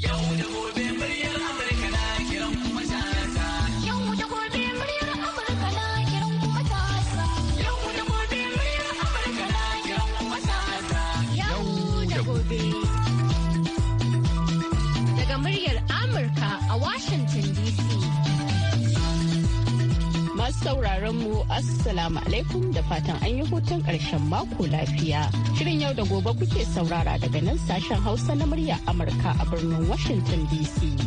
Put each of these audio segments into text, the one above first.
Yo, the boy, assalamu alaikum da fatan an yi hutun ƙarshen mako lafiya. Shirin yau da gobe kuke saurara daga nan sashen Hausa na murya Amurka a birnin Washington DC.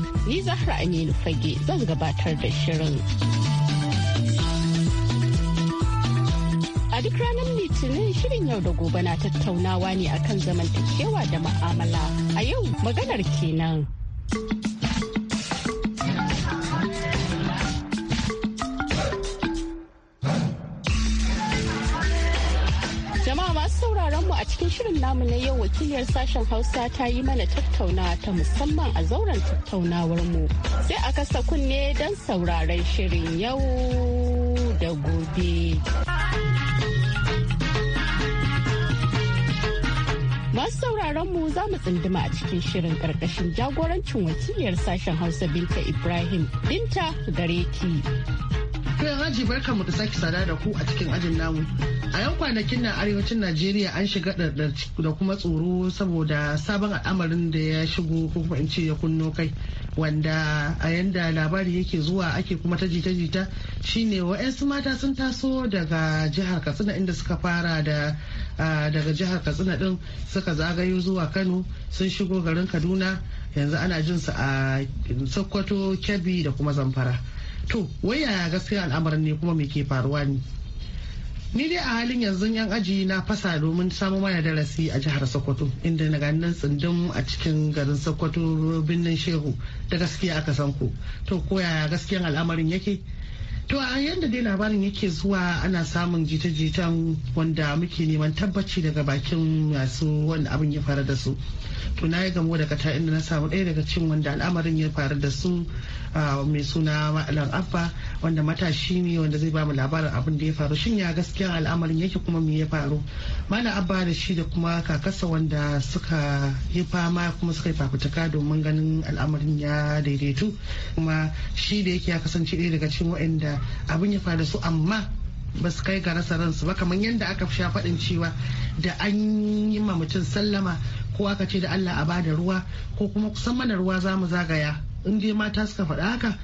ni Zahra Aminu Fage zan gabatar da shirin. A duk ranar Litinin shirin yau da gobe na tattaunawa ne akan zamantakewa da ma'amala a yau maganar kenan. mu a cikin shirin namu na yau wakiliyar sashen Hausa ta yi mana tattaunawa ta musamman a zauren tattaunawar mu. Sai a kasa kunne don sauraron shirin yau da gobe. Masu sauraron mu za mu tsinduma a cikin shirin ƙarƙashin jagorancin wakiliyar sashen Hausa Binta Ibrahim Binta gareki. kai aji barkan mu da sake sada da ku a cikin ajin namu. A yan kwanakin na arewacin Najeriya an shiga ɗarɗar da kuma tsoro saboda sabon al'amarin da ya shigo ko kuma in ce ya kunno kai wanda a yanda labari yake zuwa ake kuma ta jita-jita shine wa'yansu mata sun taso daga jihar Katsina inda suka fara da daga jihar Katsina din suka zagayo zuwa Kano sun shigo garin Kaduna yanzu ana jinsu a Sokoto, Kebbi da kuma Zamfara. to wai yaya gaskiya al'amarin ne kuma me ke faruwa ne ni dai a halin yanzu yan aji na fasa domin samu mana darasi a jihar sokoto inda na gani nan tsindin a cikin garin sokoto birnin shehu da gaskiya aka san ku to ko yaya gaskiyan al'amarin yake To a yadda dai labarin yake zuwa ana samun jita-jitan wanda muke neman tabbaci daga bakin masu wanda abin ya faru da su. To na yi gamo daga ta inda na samu ɗaya daga cin wanda al'amarin ya faru da su mai suna Malam Abba wanda matashi ne wanda zai ba mu labarin abin da ya faru shin ya gaskiya al'amarin yake kuma me ya faru. Malam Abba da shi da kuma kakasa wanda suka yi fama kuma suka yi fafutuka domin ganin al'amarin ya daidaitu kuma shi da yake ya kasance ɗaya daga cin waɗanda da abin ya faru su amma ba su kai ga rasa ransu ba kamar yadda aka sha faɗin cewa da an yi ma mutum sallama ko aka ce da Allah a bada ruwa ko kuma kusan mana ruwa za mu zagaya in dai mata suka faɗa haka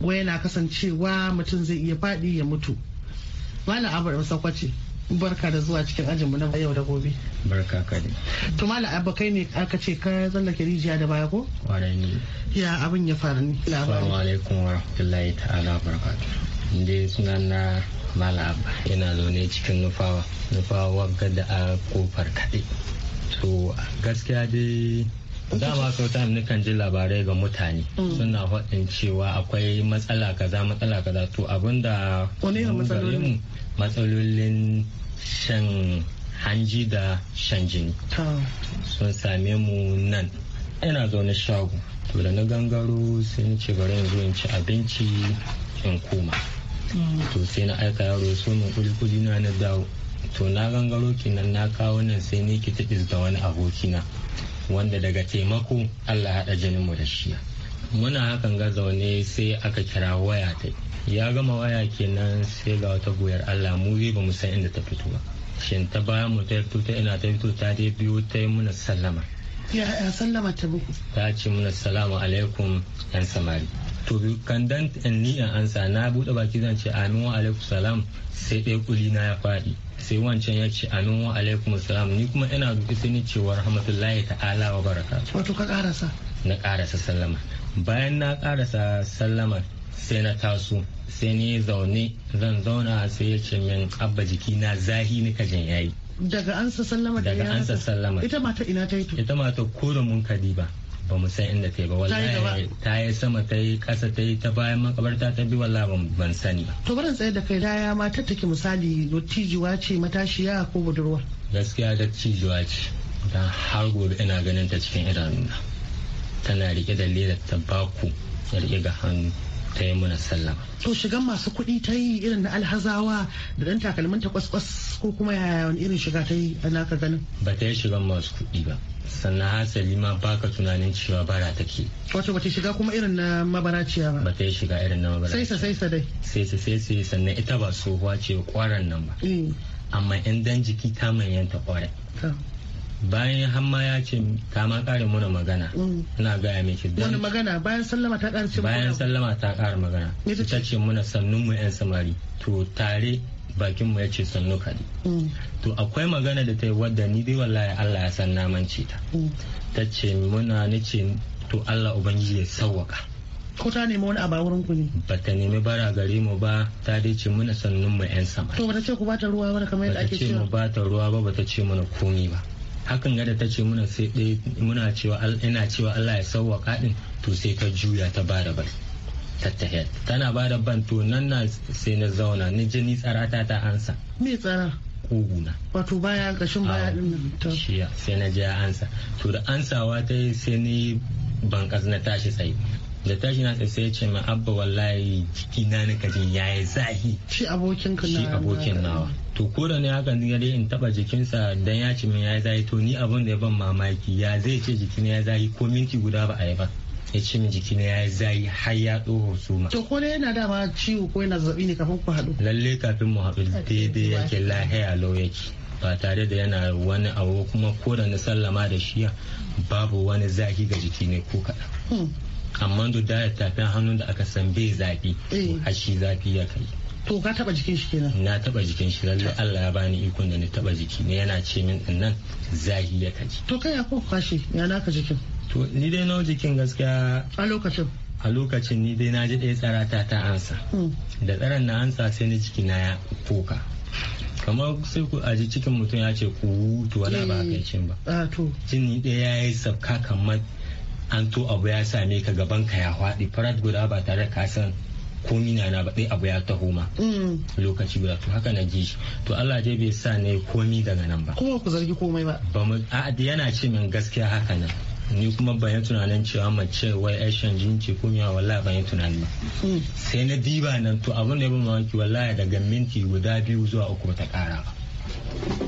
wai yana kasancewa mutum zai iya faɗi ya mutu malam abu da sakwace barka da zuwa cikin ajinmu na yau da gobe barka ka dai to abokai ne aka ce ka tsallake rijiya da baya ko kwarai ya abin ya faru ne Salamu alaikum wa rahmatullahi ta'ala barakatuh inde suna na mala abba yana zaune cikin nufawa nufawa wagga da a kofar kaɗe to gaskiya dai dama sau ne nukan ji labarai ga mutane mm. suna faɗin cewa akwai matsala kaza matsala kaza to abinda wani matsalolin shan hanji da shan jini sun same mu nan ina zaune shago to da na gangaro sai ce bari yanzu in ci abinci in koma mm. to sai na aika yaro so min kuli na na dawo to na gangaro kinan na kawo nan sai ni ki taɓis da wani abokina wanda daga taimako Allah haɗa jinin mu da shi muna hakan ga zaune sai aka kira waya ta ya gama waya kenan sai ga wata goyar Allah mu ba mu san inda ta fito ba shin ta baya mu ta fito ta ina ta fito ta dai biyo ta yi muna sallama ya sallama ta buku ta ce muna salamu alaikum yan samari to kandan dan ni in ansa na bude baki zan ce amin wa alaikum salam sai ɗaya kuli na ya faɗi sai wancan ya ce amin wa alaikum salam ni kuma ina duki sai ni cewa rahmatullahi ta'ala wa baraka wato ka karasa na karasa sallama bayan na karasa sallama sai na taso sai ni zaune zan zauna sai ya ce min abba jiki na zahi ni kajin yayi daga ansa sallama daga ansa sallama ita mata ina ta yi ita mata ko da mun kadiba ba mu san inda ta yi ba wallahi ta yi sama ta yi kasa ta yi ta bayan makabarta ta bi wallahi ban sani ba to barin tsaye da kai da ya ma take misali dottijuwa ce matashiya ko budurwa gaskiya dattijuwa ce dan har gobe ina ganin ta cikin idanuna tana rike da leda ya rike ga hannu ta yi mana sallah to shigan masu kuɗi ta yi irin na alhazawa da dan takalmin ta Kwas ko kuma yaya wani irin shiga ta yi ana ka ganin ba ta yi shigan masu kuɗi ba sannan hasali ma baka tunanin cewa bara take wato ta shiga kuma irin na mabaraciya ba Ba ta yi shiga irin na mabaraciya saisa saisa dai saisa saisa sannan ita ba tsohuwa ce kwaran nan ba eh. amma 'yan dan jiki ta manyanta kwarai bayan hamma ya ce ta ma kare muna magana mm. ina gaya miki wani magana bayan sallama ta kare ce bayan sallama ta kare magana ita ce muna sannun mu yan samari to tare bakin mu ya ce sannu kadi mm. to akwai magana da ta yi wadda ni dai wallahi Allah ya san naman ce ta mm. ta ce muna nace to Allah ubangiji ya sawwaka ko ta nemi wani abu a wurin ku ne ba ta nemi bara gare mu ba ta dai ce muna sannun mu yan samari. to ba ta ce ku ta ruwa ba kamar yadda ake cewa Ba ta ce mu ba ta ruwa ba ba ta ce mana komi ba hakan gada ta ce muna sai muna cewa ina cewa Allah ya sauwaka din to sai ta juya ta da ban tattahiyar tana da ban to nan na sai na zauna ni ni tsarata ta ansa me tsara kuguna wato baya kashin baya din ta shiya sai na je ansa to da ansawa ta sai ni ban na tashi tsaye da tashi na sai ya ce ma abba wallahi jiki na nika jin yayi zahi shi abokin ka shi abokin nawa to ko da ne haka ni dai in taba jikinsa dan ya ci min yayi zahi to ni abun da ya ban mamaki ya zai ce jiki ya zahi ko minti guda ba a yi ba ya ce min jiki ne ya zahi. har ya tsoho ma To ko yana dama ciwo ko yana zazzabi ne kafin ku haɗu? Lalle kafin mu haɗu daidai yake lahiya lau yake. ba tare da yana wani abu kuma ko da na sallama da shiya babu wani zahi ga jiki ne ko kaɗan. Hmm. amma da tafin hannun da aka san bai zafi eh. a shi zafi ya kai to ka taba jikin shi kenan na taba jikin shi lalle Allah ya bani ikon da na taba jiki ne yana ce min nan zafi ya kai to kai ya ko kwashi ya naka jikin to ni dai na jikin gaskiya a lokacin a lokacin ni dai na ji ɗaya tsarata ta ansa hmm. da tsaron na ansa sai ni jiki na ya koka kamar sai ku aji cikin mutum ya ce ku to wala ba eh. kai cin ba ah, jini ɗaya ya yi sabka kamar an to abu ya same ka gaban ka ya faɗi farat guda ba tare ka san komi na na baɗai abu ya taho ma mm. lokaci guda to haka na ji to Allah dai bai sa ne komi daga nan ba kuma ku zargi komai ba ba mu a yana ce min gaskiya haka nan ni kuma ban yi tunanin cewa mace wai aishan jin ce kumiya wallahi ban yi tunani ba mm. sai na diba nan to abu da ya ban mamaki wallahi daga minti guda biyu zuwa uku ta kara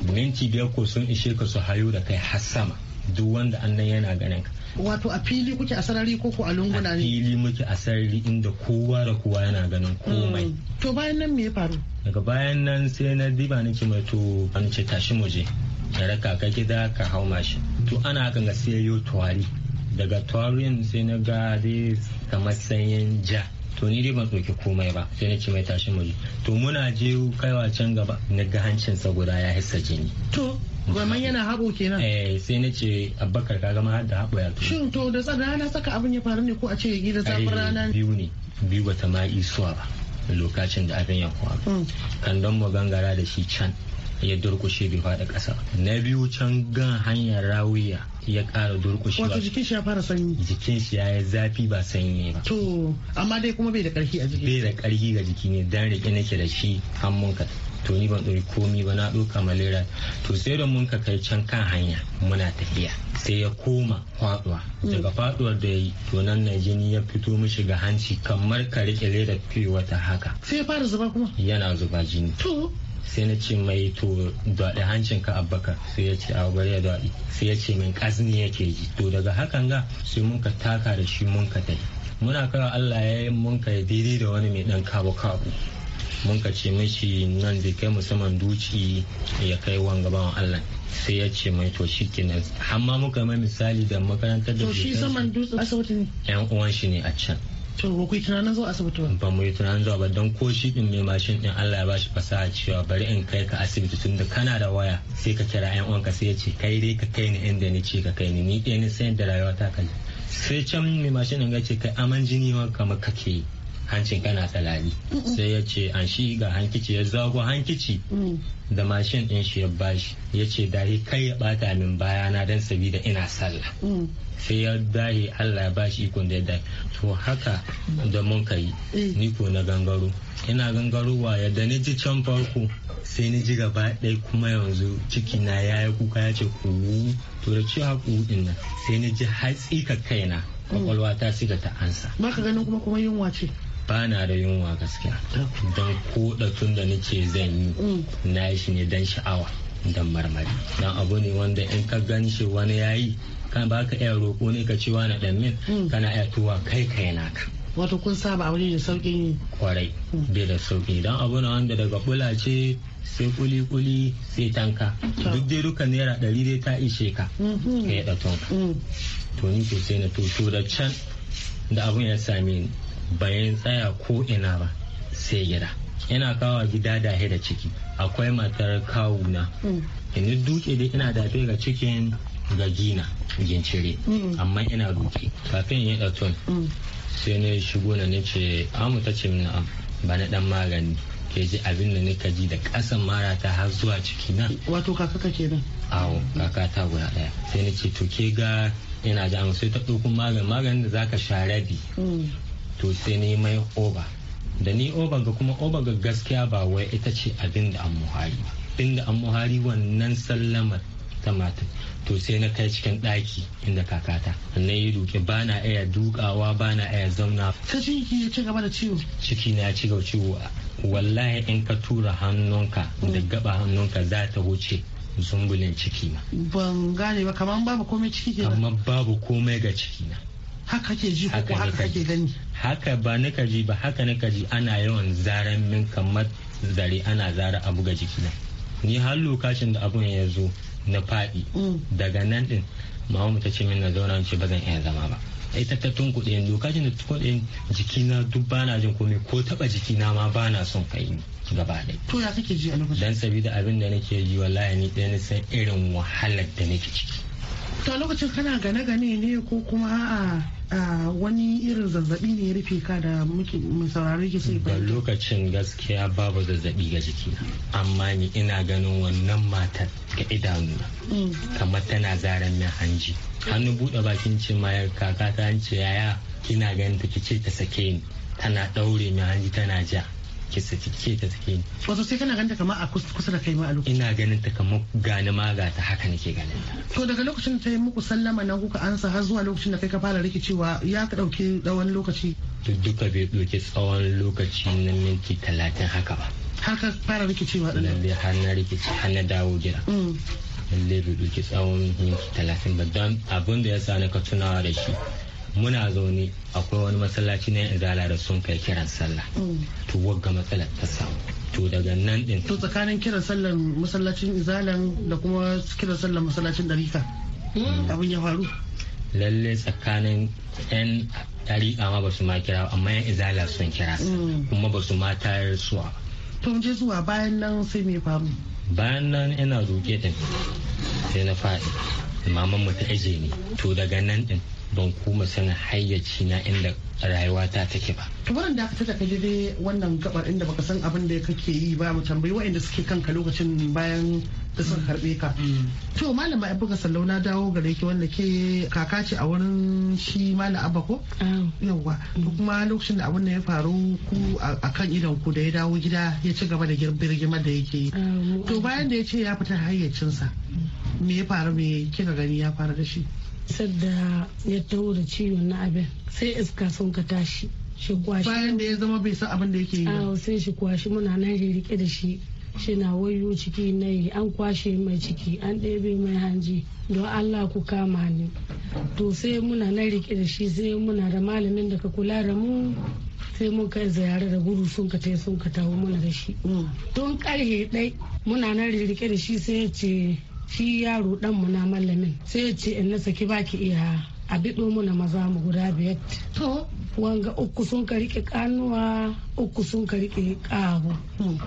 ba minti biyar ko sun ishe ka su hayo da kai har sama duk wanda annan yana ganin ka wato a fili kuke a sarari ko a lunguna ne a fili muke a sarari inda kowa da kowa yana ganin komai mm. to bayan nan me ya faru daga bayan nan sai na diba nake mai to an ce tashi mu je Ka raka ka gida ka hau mashi to ana hakan ga sai yo tuwari daga tuwarin sai na ga dai kamar sanyin ja to ni dai ban ɗauki komai ba sai na ce mai tashi mu to muna je kaiwa can gaba na ga hancinsa guda ya hissa jini to Gwaman yana haɓo kenan. Eh, sai na ce Abubakar ka gama da haɓo ya Shin to da rana saka abin ya faru ne ko a ce ya gida zafin rana. Biyu ne biyu bata ma isuwa ba lokacin da abin ya faru. Hmm. Kan don mu gangara da shi can ya durkushe bai faɗa ƙasa. Na biyu can gan hanyar rawiya ya ƙara durkushe. Wato jikin shi ya fara sanyi. Jikin shi ya yi zafi ba sanyi ba. To amma dai kuma bai da ƙarfi a jiki. Bai da ƙarfi ga jiki ne dan rike nake da shi hannun ka. to ni ban ɗori komi ba na ɗauka malaria to sai da mun ka kai can kan hanya muna tafiya sai ya koma faduwa daga mm. faɗuwar da yi to nan na jini ya fito mishi ga hanci kamar ka rike leda fiye wata haka sai ya fara zuba kuma yana zuba jini to sai na ce mai to daɗe hancin ka abbaka sai ya ce a bari ya daɗi sai ya ce min ƙazni yake ji to daga hakan ga sai mun ka taka da shi mun ka tai muna kawo Allah ya yi mun ka daidai da wani mai ɗan kabo kabo mun ka ce mashi nan da kai musamman duci ya kai wanga gaban Allah sai ya ce mai to shi kenan amma muka mai misali da makarantar da shi saman asibiti ne yan uwan shi ne a can to ba ku tunanin zuwa asibiti ba ba mu yi tunanin zuwa ba don ko shi din mai mashin din Allah ya bashi fasaha cewa bari in kai ka asibiti tun da kana da waya sai ka kira yan ka. sai ya ce kai dai ka kai ni inda ni ce ka kai ni ni ɗaya ni sayar da rayuwa ta kai sai can mai mashin din ga ce kai aman jini ma kamar kake yi hancin kana talali. sai ya ce an shi ga hankici ya zago hankici mm. da mashin din shi ya bashi ya ce dahi kai ya bata min bayana don sabida ina sallah mm. sai ya dahi allah ya bashi ikon da ya dahi to haka da mun kai mm. ni ko na gangaro ina gangaro gangarowa yadda ni ji can farko sai ni ji gaba ɗaya kuma yanzu ciki na ya yi kuka ya ce kuwu to da cewa haku din nan sai ni ji hatsi ka kaina kwakwalwa ta siga ta ansa. Ba ka ganin kuma kuma yunwa ce. ba na da yunwa gaskiya don ko tun da nake zan yi mm. na shi ne don sha'awa don marmari don abu ne wanda in ka gan shi wani yayi kan ba ka iya roƙo ne ka ci wani ɗan min mm. kana iya tuwa kai kai naka wato kun saba aure da sauƙin kwarai mm. bai da sauƙi don abu na wanda daga bula ce sai kuli-kuli sai tanka duk dai duka naira ɗari dai ta ishe ka mm-hmm. ka yi ɗaton to ni to na to da can da abun ya same ni bayan tsaya ko ina ba sai gida ina kawo gida da da ciki akwai matar kawuna mm. ina duke da ina dafe ga cikin gajina gincire mm. amma ina duke kafin yin tun mm. sai na shigo na nace amu ta ce mina ba na dan magani ke ji abin da nika ji da ƙasan mara ta har zuwa ciki na wato kaka ka nan. awo kaka ta guda ɗaya sai na ce to ke ga ina da sai ta ɗauko maganin magani da zaka sha rabi to sai ne mai oba da ni oba ga kuma oba ga gaskiya ba wai ita ce abin da an muhari ba da an muhari wannan sallama tamatin to sai na kai cikin ɗaki inda kakata na yi duke ba na iya dukawa ba na iya zauna ta ciki ya ci gaba da ciwo ciki na ci gaba ciwo wallahi in ka tura hannunka da gaba hannunka za ta wuce zumbulin ciki na ban gane ba kamar babu komai ciki ke kamar babu komai ga ciki na haka kake ji ko haka kake gani haka ba na ji ba haka na ji ana yawan zaran min kamar zare ana zara a buga jikina ni har lokacin da abun ya zo na fadi mm. daga nan din mamu ta ce min na zauna ce bazan iya zama ba ita ta tunkuɗe lokacin da jiki jikina duk bana jin komai ko taba jikina ma bana son kai gaba ɗaya. To ya kake ji a lokacin? Dan sabida abin da nake ji wallahi ni ɗaya na san irin wahalar da nake ciki. ta lokacin kana gane-gane ne ko kuma a wani irin zazzabi ne ya rufe ka da muke saurari ke sai ba lokacin gaskiya babu zazzabi ga jiki amma ni ina ganin wannan matar ga idanuna mm. kamar tana zaren min hanji hannu buɗe bakin ce ma kaka ta hanci yaya kina ganin ta kice ta sake ni tana ɗaure min hanji tana ja kisa cike ta take ni wato sai kana ganta kamar a kusa da kai ma a lokacin ina ganin ta kamar gani ma ga ta haka nake ganin ta to daga lokacin ta yi muku sallama nan kuka ansa har zuwa lokacin da kai ka fara rikicewa ya ka dauke tsawon lokaci duka bai dauke tsawon lokaci na minti talatin haka ba har ka fara rikicewa din nan har na rikici har na dawo gida mm. lalle bai dauke tsawon minti talatin ba don abin da ya sa na ka tunawa da shi muna zaune akwai wani masallaci na izala da sun kai kiran sallah mm. to wagga matsalar ta samu to daga nan din to tsakanin kiran sallar masallacin izalan da kuma kiran sallar masallacin dariƙa mm. abin ya faru lalle tsakanin 'yan dariƙa ma ba su ma kira amma 'yan izala sun kira mm. kuma ba su ma tayar suwa to je zuwa bayan nan sai me faru bayan nan ina roƙe din sai na faɗi mamanmu mu ta aje ni to daga nan din ban kuma sanin hayyaci na inda rayuwata take ba. Wurin da aka tafi daidai wannan gabar inda baka san abin da kake yi ba mu tambayi waɗanda suke ka lokacin bayan da suka karbe ka. Mm. To malama ya buga sallau na dawo gare ki wanda ke kaka ce a wurin shi malam abba ko? Yawwa. Mm. Kuma lokacin da abin da ya faru ku a kan idon ku da ya dawo gida ya ci gaba da girgima da yake yi. To bayan da ya ce ya fita hayyacinsa. Mm. Me ya faru me kika gani ya faru da shi? sadda ya taho da ciwon na abin sai iska sun ka tashi shi kwashi bayan da ya zama bai san abin da yake yi ba sai shi kwashi muna nan rike da shi shi na wayo ciki na yi an kwashe mai ciki an ɗebe mai hanji don allah ku kama ni to sai muna nan rike da shi sai muna da malamin da ka kula da mu sai mun kai ziyara da gudu sun ka tai sun ka tawo muna da shi don mm. karhe ɗai muna nan rike da shi sai ya ce shi yaro dan mu na mallamin sai ya ce in na saki baki iya a bido mu na maza mu guda biyar to wanga uku sun ka rike kanuwa uku sun ka rike ƙaho hmm.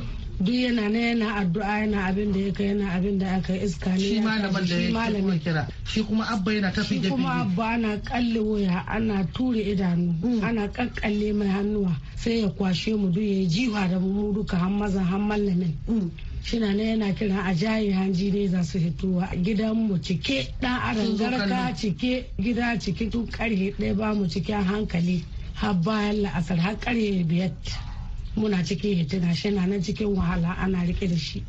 duk yana na yana addu'a yana abin da ya kai yana abin da aka iska ne shi malamin da ya kuma kira shi kuma abba yana tafi da kuma abba ana kalle waya ana ture idanu hmm. ana kakkalle mai hannuwa sai ya kwashe mu duk ya jiwa da mu duka har maza har mallamin hmm. shina ne yana kiran a jayi hanji ne za su hitowa mu cike dan adam garka cike gida cike tun karhe ɗaya ba mu cikin hankali har bayan la'asar har karhe biyar muna cikin hitina shina na nan cikin wahala ana rike da shi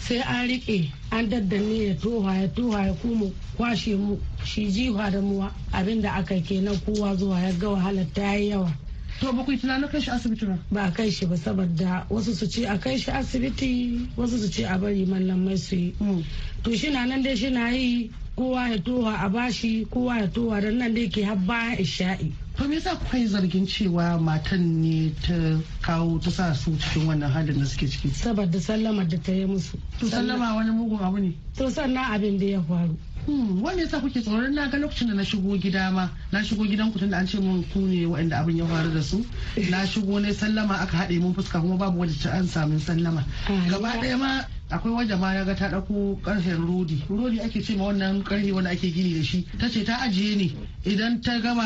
sai an rike an daddane ya toha ya toha ya kuma kwashe mu shi jiwa da muwa abinda aka kenan kowa zuwa ya ga wahalar ta yi yawa to bakwai tunanin kai shi asibiti ba ba kai shi ba saboda wasu su ce a kai shi asibiti wasu su ce a bari mai su yi mm. to shi na nan dai shi na yi kowa ya towa a bashi kowa ya towa don nan dai ke har bayan isha'i to me yasa kuka yi zargin cewa matan ne ta kawo ta sa su cikin wannan halin da suke ciki saboda sallamar da ta yi musu to sallama wani mugun abu ne to sannan abin da ya faru Hmm, Wani yasa kuke tsoron na ga lokacin da na shigo gida ma na shigo gidan ku tunda an ce mun ku ne waɗanda abin ya faru da su na shigo ne sallama aka haɗe mun fuska kuma babu wanda an samu sallama gaba ɗaya ma akwai wajen ma ya ga ta ɗauko ƙarfen rodi rodi ake ce ma wannan ƙarfe wanda ake gini da shi ta ce ta ajiye ne idan ta gama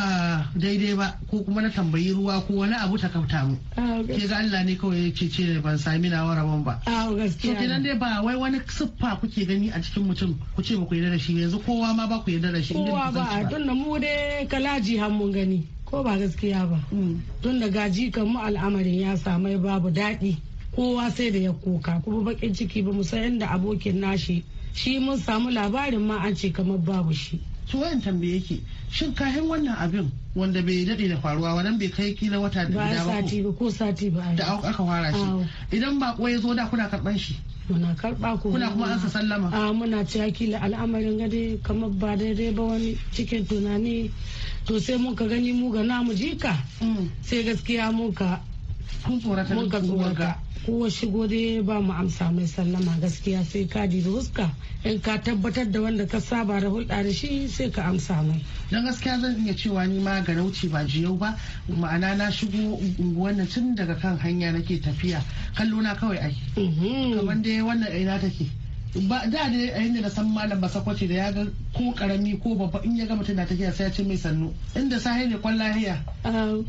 daidai ba ko kuma na tambayi ruwa ko wani abu ta kauta mu ah, ke ga Allah ne kawai ya ce ce ban sami na waraban ba ah, so kenan dai ba wai wani siffa kuke gani a cikin mutum ku ce ba ku yarda da shi yanzu kowa ma ba ku yarda da shi kowa ba tun da mu dai kalaji mun gani ko ba gaskiya ba hmm. tun da gaji kan mu al'amarin ya samu babu daɗi kowa sai da ya koka kuma bakin ciki ba san inda abokin nashi shi mun samu labarin ma an ce kamar babu shi to wayan tambaye yake shin kahin wannan abin wanda bai dade da faruwa wannan bai kai kila wata da ba sati ba ko sati ba da aka fara shi idan ba ya zo da kuna karban shi muna karba ko kuna kuma an sallama a muna cewa kila al'amarin gade kamar ba daidai ba wani cikin tunani to sai mun ka gani mu ga namu jika mm. sai gaskiya mun ka. kun tsorata mun tsorata kowa shigo dai ba mu amsa mai sallama gaskiya sai ka da huska in ka tabbatar da wanda ka saba da hulɗa da shi sai ka amsa mai don gaskiya zan iya cewa ni ma garauci ba jiyau ba ma'ana na shigo wannan tun daga kan hanya nake tafiya kallo na kawai ake mhm. kamar dai wannan ina take ba da ne a yi da san malam ba sakwace da ya ga ko karami ko babba in ya ga mutum na tafiya sai ya ce mai sannu inda sa ne kwan lahiya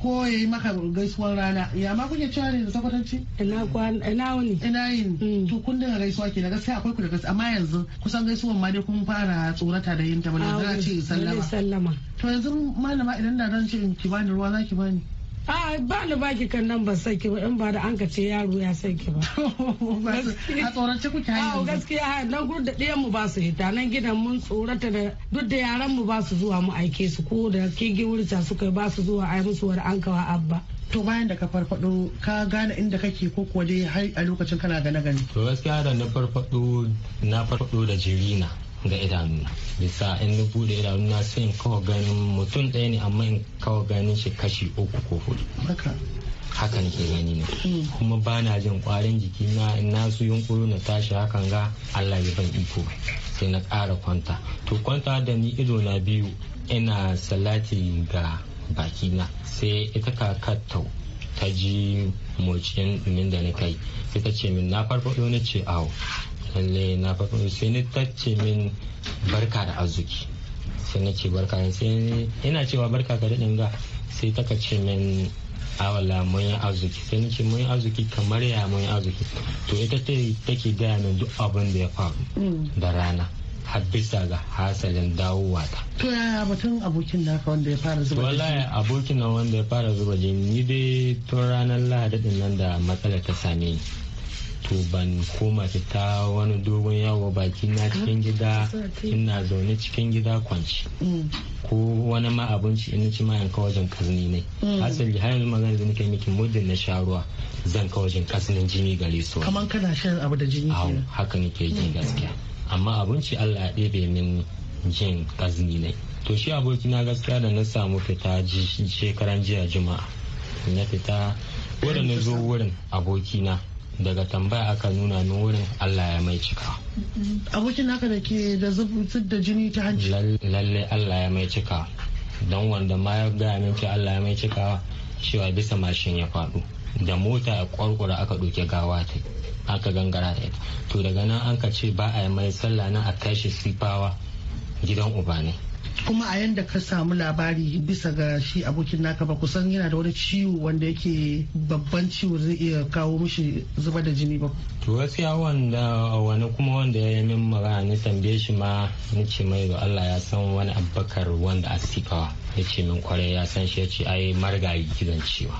ko ya yi maka gaisuwar rana ya ma kuke cewa ne da sakwatanci ina kwan ina wani ina yin mm. to kun dinga gaisuwa ke na gaskiya akwai ku da gaskiya amma yanzu kusan gaisuwan ma dai kun fara tsorata da yin ta ba ne ah, za a ce sallama to yanzu malama idan da zan ce ki bani ruwa za ki bani A ba ni baki kan nan sai saki ba in ba da an ka ce yaro ya sai ki ba. A tsorace kuke hanyar. gaskiya nan gurda da ɗayan mu ba su hita nan gidan mun tsorata da duk da yaran mu ba su zuwa mu aike su ko da kigi wurta kai ba su zuwa ai musu wani an kawa abba. to bayan da ka farfado ka gane inda kake ko kuwa dai har a lokacin kana gane gani to gaskiya da na farfado na farfado da jirina ga idanuna bisa in na bude idanuna sai in kawo ganin mutum ɗaya ne amma in kawo ganin shi kashi uku ko hudu haka nake gani ne mm. kuma ba na jin kwarin jiki na in na su yunkuru na tashi hakan ga Allah ya ban iko sai na ƙara kwanta to kwanta da ni ido na biyu ina salati ga baki na sai ita kakatau ta ji mocin ɗumin da na kai sai ta ce min na farfaɗo na ce awo kalle na farko sai ni tacce min barka da arziki sai na ce barka sai ina cewa barka ka daɗin ga sai ta ce min awala ah, mun yi arziki sai ce mun yi arziki kamar ya mun yi arziki to ita ta take gaya min duk abin da ya faru hmm. da rana har bisa ga hasalin dawowa ta. To yaya batun abokin da naka wanda ya fara zuba jini? Wallahi abokin nan wanda ya fara zuba jini ni dai tun ranar lahadi din nan da matsala ta same ni. to ban koma fita wani dogon yawo baki na cikin gida ina zaune cikin gida kwanci mm. ko wani ma abinci ina ci ma in wajen ne mm. asali har yanzu magana da nake miki muddin na sha ruwa zan kawajen wajen jini gare su kamar kana shan abu da jini kenan haka nake jin mm. gaskiya amma abinci Allah ya ɗebe min jin kazni ne to shi abokina gaskiya da na samu fita shekaran jiya juma'a na fita wurin na zo wurin abokina daga tambaya aka nuna ni wurin Allah ya mai cika. Abokin naka da ke da zubutar da jini ta hanci. Lalle Allah ya mai cika. Don wanda ma ya gaya min ce Allah ya mai cika cewa bisa mashin ya faɗo. Da mota a kwarkwara aka ɗauke gawa ta aka gangara ta. To daga nan an ka ce ba a yi mai sallah na a kai shi sifawa gidan uba ne kuma a yadda ka samu labari bisa ga shi abokin naka ba kusan yana da wani ciwo wanda yake babban ciwo zai iya kawo mishi zuba da jini ba to gaskiya wanda wani kuma wanda ya min magana ni tambaye shi ma ni ce mai da Allah ya san wani abbakar wanda asifawa ya min kwarai ya san shi ya ce ai marigayi gidan cewa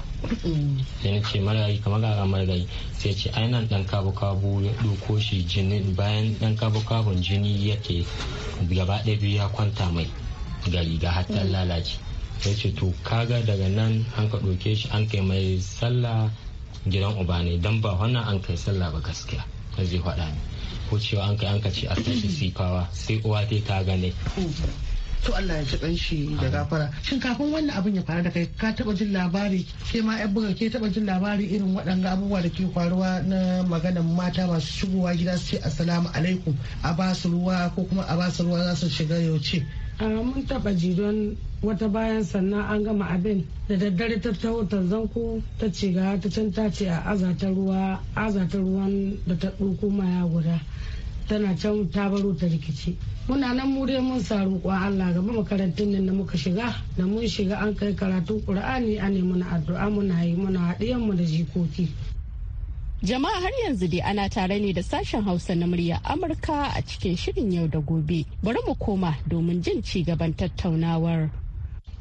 sai na ce marigayi kamar ga marigayi sai ce ai nan dan kabu kabu ya doko shi jini bayan dan kabu kabun jini yake gaba ɗaya biyu ya kwanta mai gari ga hatta lalace ya ce to kaga daga nan an ka doke shi an kai mai sallah gidan uba ne dan ba wannan an kai sallah ba gaskiya zai faɗa ne ko cewa an kai an ka ce a tashi sifawa sai uwa ta gane to Allah ya ci shi da gafara shin kafin wannan abin ya faru da kai ka taba jin labari ke ma yan buga ke taba jin labari irin waɗanga abubuwa da ke faruwa na maganan mata masu shigowa gida su ce assalamu alaikum a basu ruwa ko kuma a basu ruwa za su shiga ce mun taba ji don wata bayan sannan an gama abin da daddare ta taho zanko ta ciga ta can ta ce a azata ruwa azata ruwan da ta ɗauko maya guda tana can ta baro ta rikici muna nan mu dai mun sa roƙon Allah gaba makarantun nan da muka shiga da mun shiga an kai karatun Qur'ani a ne muna addu'a muna yi muna haɗiyan mu da jikoki Jama'a har yanzu dai ana tare ne da sashen Hausa na murya Amurka a cikin shirin yau da gobe. Bari mu koma domin jin ci gaban tattaunawar.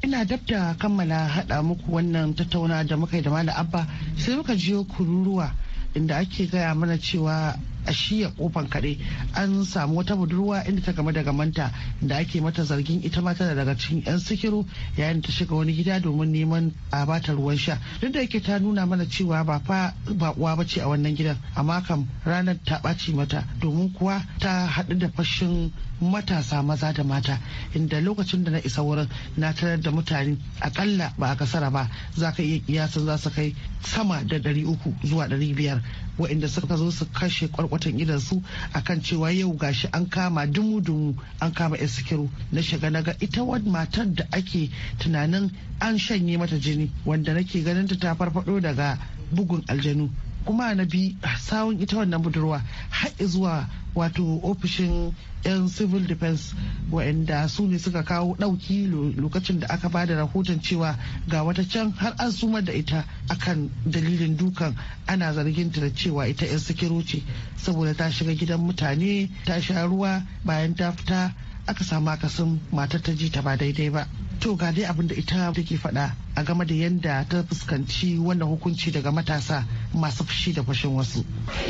ina dab da kammala hada muku wannan tattauna da muka yi da malam abba sai muka jiyo kururuwa inda ake gaya mana cewa a shiya kofan kaɗai an samu wata budurwa inda ta game daga manta da ake mata zargin ita mata tana daga cikin 'yan sikiru yayin ta shiga wani gida domin neman a bata ruwan sha duk da yake ta nuna mana cewa ba fa bakuwa ba ce a wannan gidan amma kam ranar ta ɓaci mata domin kuwa ta haɗu da fashin matasa maza da mata inda lokacin da na isa wurin na tarar da mutane akalla ba a kasara ba za ka iya kiyasan za su kai sama da 300 zuwa 500 waɗanda suka zo su kashe kwarkwar watan idan su akan cewa yau gashi an kama dumu-dumu an kama yan sikiru na shiga naga ita wani matar da ake tunanin an shanye mata jini wanda nake ganin ta farfado daga bugun aljanu kuma na bi sawun ita wannan budurwa har zuwa wato ofishin 'yan civil defense wa'anda su ne suka kawo ɗauki lokacin da aka bada rahoton cewa ga wata can har an sumar da ita akan dalilin dukan ana zargin ta da cewa ita 'yan sikiro ce saboda ta shiga gidan mutane ta sha ruwa bayan ta fita aka samu akasin matar ta ji ta ba daidai ba to ga dai abin da ita take faɗa a game da yadda ta fuskanci wannan hukunci daga matasa masu fushi da fashin wasu.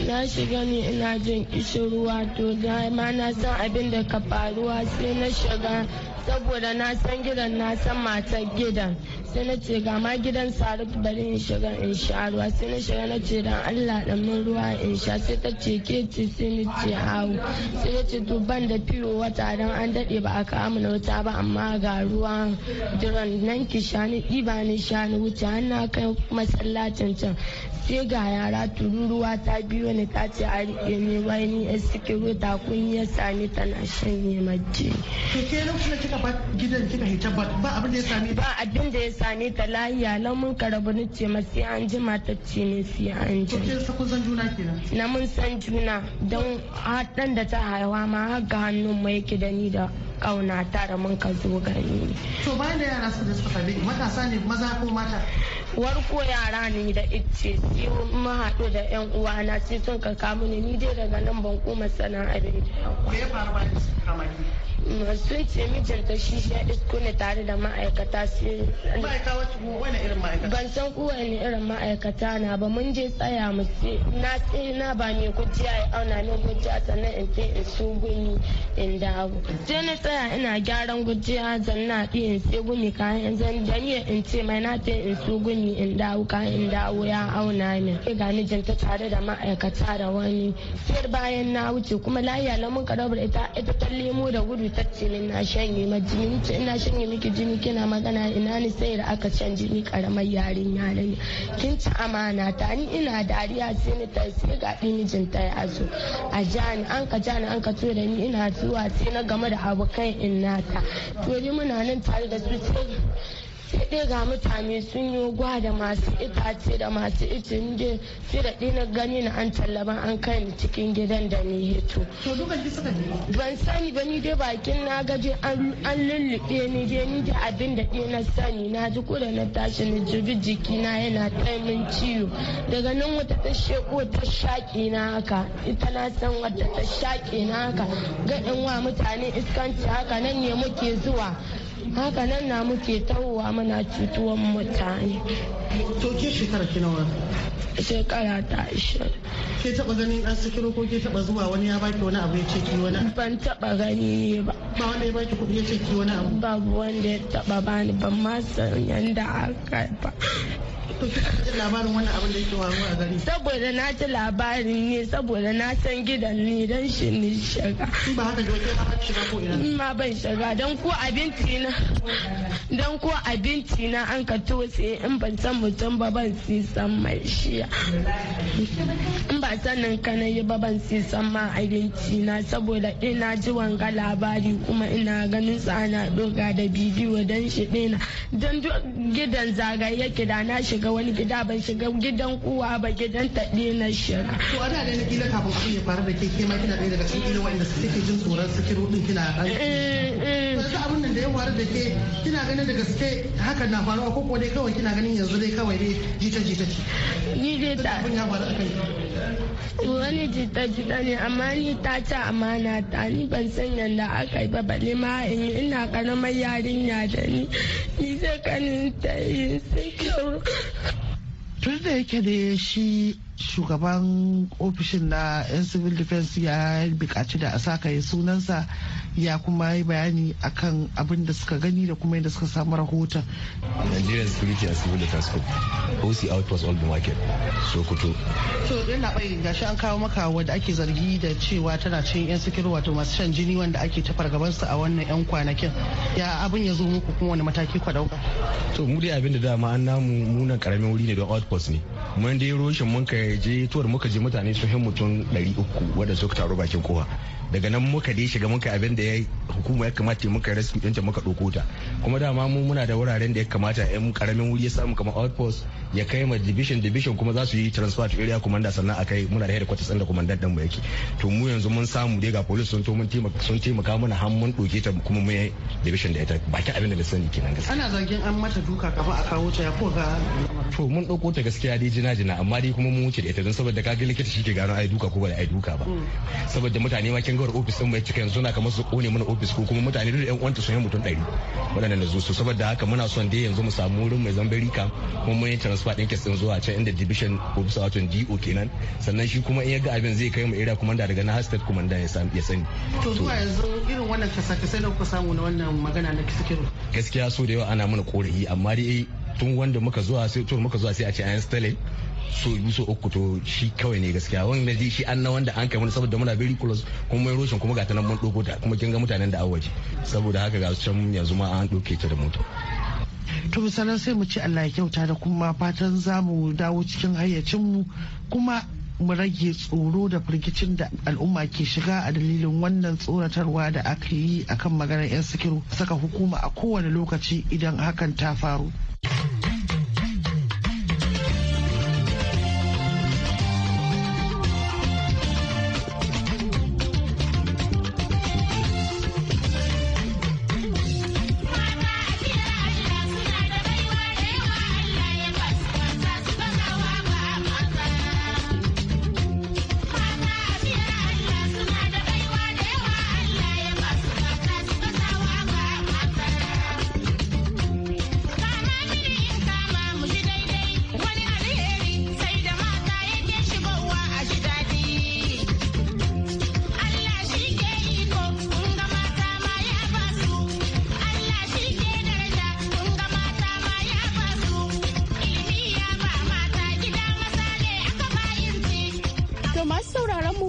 Na shiga ni ina jin ruwa to da ma na san abin da ka faruwa sai na shiga saboda na san gidan na san matar gidan. sai na ce ga ma gidan sarif bari in shiga in sha ruwa sai na shiga na ce dan allah dan mun ruwa in sha sai ta ce ke ce sai ni ce hawo sai na ce to ban da fiyo wata dan an dade ba a kawo na wuta ba amma ga ruwa duran nan ki sha ni ɗiba ni sha ni wuce an na kai masallacin can sai ga yara tururuwa ta biyo ni ta ce a riƙe ni wai ni yan sikiro ta kun ya sami tana shan ne majji. to ke lokacin kika ba gidan kika hita ba abin da ya sami ba abin da ya sami same ta lahiya lau mun ka rabu ni ce ma sai an ji ta ce ne sai an ji. Kun san juna kenan? Na mun san juna don haɗan da ta haihuwa ma har ga hannun mu yake da ni da kauna ta da mun ka zo gani. To bayan da yara suka suka bi matasa ne maza ko mata? Warko yara ne da ice sai mun haɗu da yan uwa na sai sun ka kamu ni dai daga nan ban kuma sana'ar da yawa. Me ya faru bayan suka kama ki? masu ce mijinta shi shi isko ne tare da ma'aikata sai ma'aikata wacce wani irin ma'aikata ban san kowane irin ma'aikata na ba mun je tsaya mu ce na ce na ba ne kujiya ya auna min gujiya sannan in ce in su gumi in dawo sai na tsaya ina gyaran gujiya zan na in sai gumi kayan zan da in ce mai na ce in su gumi in dawo kayan in dawo ya auna ne. sai ga mijinta tare da ma'aikata da wani sai bayan na wuce kuma lahiya lamun karabar ita ita ta lemo da gudu ta na shanye ma ce ina shanye miki jini kina magana ina ni sai da aka can jini karamar yarinya ne kin ci amana ta ni ina dariya sai ni ta sai ga mijin ta ya zo a jani an ka jani an ka tura ni ina zuwa sai na game da abokan ina ta to ni muna nan tare da su sai sai dai ga mutane sun yi gwa da masu itace da masu ice inda sai da ɗina gani na an tallaban an kai ni cikin gidan da ni hito. Ban sani ba ni dai bakin na gaje an lullube ni dai ni da abin da na sani na ji ko da na tashi na jibi jiki na yana taimin ciwo daga nan wata ta sheko ta shaƙi na haka ita na san wata ta shaƙi na haka ga wa mutane iskanci haka nan ne muke zuwa haka nan na muke tawowa muna cutuwan mutane to ke shekara ki nawa shekara ta ishe. ke taba ganin an sikiro ko ke taba zuwa wani ya baki wani abu ya ce ki wani ban taba gani ne ba ba wanda ya baki kuɗi ya ce ki wani abu babu wanda ya taba bani ban ma san yanda aka ba labarin wannan abin da a gari saboda na ji labarin ne saboda na san gidan ne don shi ne shiga ba haka joke ba shiga ko ina ma ban shiga don ko abinci na don ko abinci na an ka tose in ban san mutum ba ban si san mai shiya in ba sanin ka yi ba ban si san ma abinci na saboda ina ji wanga labari kuma ina ganin sa ana doga da bidiyo don shi ɗina don gidan zagaye yake da na shiga wani gida ban shiga gidan kuwa ba gidan taɗe na shiga. to ana da na kila kafin abin ya faru da ke ke kina ɗaya daga cikin kila wanda suke jin tsoron suke rudin kina ɗan. Eh, eh. abin da ya faru da ke kina ganin da gaske hakan na faruwa ko ko dai kawai kina ganin yanzu dai kawai dai jita jita ce ni dai ta ya faru akai wani jita jita ne amma ni ta ce amana ta ni ban san yanda aka yi ba balle ma in ina karamar yarinya da ni ni zai kanin ta yi sai kyau tun da yake da shi shugaban ofishin na 'yan civil defense ya bukaci da a saka ya sunansa ya kuma yi bayani akan abin da suka gani da kuma yadda suka samu rahoton. Nigerian Security and Civil Defense Corps OC all the Market Sokoto. To yana bai gashi an kawo maka wadda ake zargi da cewa tana cin 'yan sikiru wato masu shan jini wanda ake ta fargaban su a wannan 'yan kwanakin. Ya abin ya zo muku kuma wani mataki ku dauka. To mu dai abin da dama an namu munan karamin wuri ne don outpost ne. Mun dai roshin mun kai je tuwar muka je mutane sun hin mutum 300 wadda suka taru bakin kowa daga nan muka dai shiga muka abin da ya hukuma ya kamata muka rasmi yanta muka ɗauko ta kuma dama mu muna da wuraren da ya kamata yan karamin wuri ya samu kamar outpost ya kai ma division division kuma za su yi transfer to area commander sannan akai muna da headquarters ɗin da commandant ɗin mu yake to mu yanzu mun samu dai ga police sun to mun taimaka sun taimaka mana har mun ɗauke ta kuma mun division da ita baki abin da na sani kenan gaskiya ana zargin an mata duka kafa a kawo ta ya ko ga to mun ɗauko ta gaskiya dai jina jina amma dai kuma mun wuce da ita don saboda ga likita shi ke gano ai duka ko ba ai duka ba mm. saboda mutane ma kin gawar ofis din bai cika yanzu na kamar su kone mana ofis ko kuma mutane da yan uwanta sun yi mutum ɗari waɗanda na zuwa saboda haka muna son dai yanzu mu samu wurin mai zambarika kuma mun yi transfer ɗin kes ɗin zuwa can inda division office wato DO kenan sannan shi kuma in ya ga abin zai kai mu area commander daga na hashtag commander ya sani. To zuwa yanzu irin wannan kasa kasa na kuka samu na wannan magana na kisa Gaskiya so da yawa ana mana korafi amma dai tun wanda muka zuwa sai tun muka zuwa sai a ce an stale so biyu so uku to shi kawai ne gaskiya wani na ji shi an na wanda an kai mana saboda muna very close kuma mai roshin kuma gata nan mun ta kuma kin ga mutanen da awaji saboda haka ga can yanzu ma an ɗauke ta da mota. to misalan sai mu ci Allah ya kyauta da kuma fatan za mu dawo cikin hayyacinmu kuma mu rage tsoro da firgicin da al'umma ke shiga a dalilin wannan tsoratarwa da aka yi akan maganar 'yan sikiru saka hukuma a kowane lokaci idan hakan ta faru.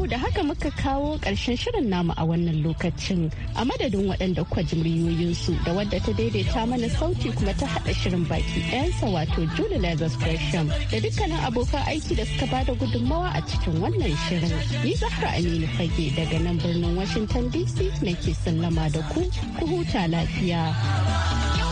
da haka muka kawo ƙarshen shirin namu a wannan lokacin a madadin waɗanda kwa jimriyoyinsu da wadda ta daidaita mana sauti kuma ta haɗa shirin baki ɗayansa wato Julie Lazarus Gresham da dukkanin abokan aiki da suka bada gudunmawa a cikin wannan shirin. Ni Zahra Aminu Fage daga nan birnin Washington DC nake sallama da ku ku huta lafiya.